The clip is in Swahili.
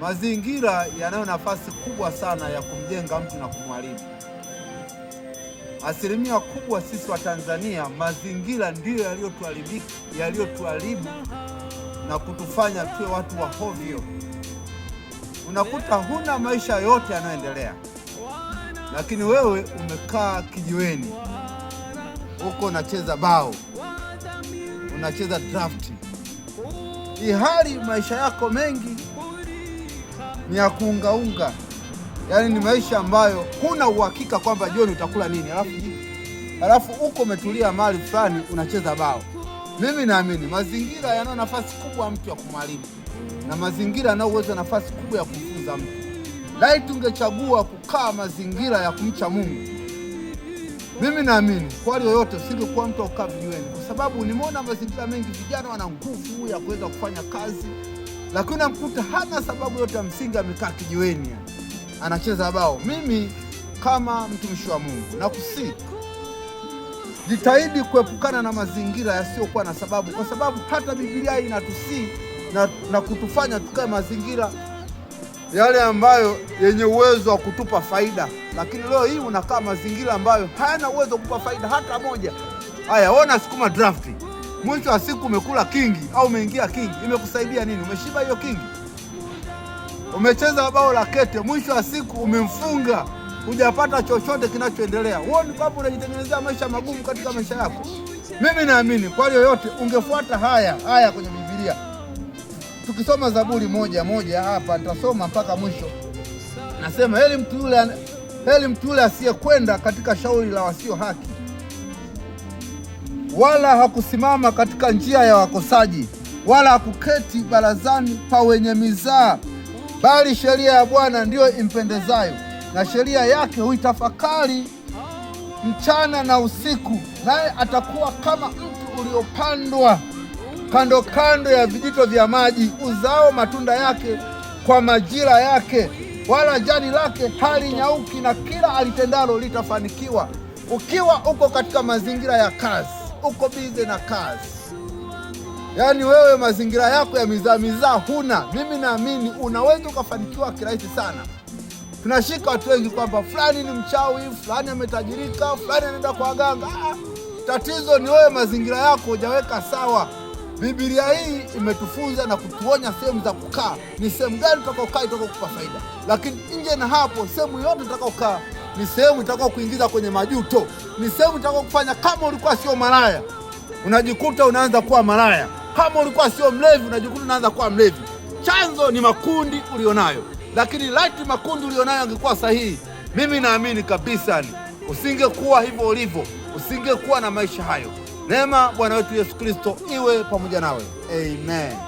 Mazingira yanayo nafasi kubwa sana ya kumjenga mtu na kumwalimu. Asilimia kubwa sisi wa Tanzania, mazingira ndiyo yaliyotuharibu na kutufanya tuwe watu wa hovyo. Unakuta huna maisha yote yanayoendelea, lakini wewe umekaa kijiweni huko, unacheza bao, unacheza drafti, ihali maisha yako mengi ni ya kuungaunga, yaani ni maisha ambayo huna uhakika kwamba jioni utakula nini, alafu alafu huko umetulia mahali fulani unacheza bao. Mimi naamini mazingira yana nafasi kubwa mtu ya kumwalimu na mazingira yana uwezo nafasi kubwa ya kumfunza mtu. Laiti ungechagua kukaa mazingira ya kumcha Mungu, mimi naamini kwa yoyote usingekuwa mtu wa kukaa vijiweni, kwa sababu nimeona mazingira mengi vijana wana nguvu ya kuweza kufanya kazi lakini amkuta hana sababu yote ya msingi, amekaa kijiweni anacheza bao. Mimi kama mtumishi wa Mungu nakusihi jitahidi kuepukana na mazingira yasiyokuwa na sababu, kwa sababu hata Biblia inatusihi na, na kutufanya tukae mazingira yale ambayo yenye uwezo wa kutupa faida, lakini leo hii unakaa mazingira ambayo hayana uwezo wa kupa faida hata moja. Haya, wona unasukuma drafti mwisho wa siku umekula kingi au umeingia kingi, imekusaidia nini? Umeshiba hiyo kingi? Umecheza bao la kete, mwisho wa siku umemfunga, hujapata chochote kinachoendelea. Huoni kwamba unajitengenezea maisha magumu katika maisha yako? Mimi naamini kwa yoyote ungefuata haya haya kwenye Biblia, tukisoma Zaburi moja moja hapa, nitasoma mpaka mwisho. Nasema heli mtu yule, heli mtu yule asiyekwenda katika shauri la wasio haki wala hakusimama katika njia ya wakosaji, wala hakuketi barazani pa wenye mizaa, bali sheria ya Bwana ndiyo impendezayo, na sheria yake huitafakari mchana na usiku, naye atakuwa kama mtu uliopandwa kando kando ya vijito vya maji, uzao matunda yake kwa majira yake, wala jani lake hali nyauki na kila alitendalo litafanikiwa. Ukiwa uko katika mazingira ya kazi uko bize na kazi, yaani wewe mazingira yako ya mizaa mizaa huna. Mimi naamini unaweza ukafanikiwa kirahisi sana. Tunashika watu wengi kwamba fulani ni mchawi, fulani ametajirika, fulani anaenda kwa waganga. Ah, tatizo ni wewe, mazingira yako hujaweka sawa. Biblia hii imetufunza na kutuonya sehemu za kukaa, ni sehemu gani utakaokaa itakokupa faida, lakini nje na hapo, sehemu yote utakaokaa ni sehemu itakuwa kuingiza kwenye majuto, ni sehemu itakuwa kufanya kama ulikuwa sio malaya unajikuta unaanza kuwa malaya, kama ulikuwa sio mlevi unajikuta unaanza kuwa mlevi. Chanzo ni makundi ulionayo, lakini laiti makundi ulionayo angekuwa sahihi, mimi naamini kabisa ni usingekuwa hivyo ulivyo, usingekuwa na maisha hayo. Neema Bwana wetu Yesu Kristo iwe pamoja nawe, amen.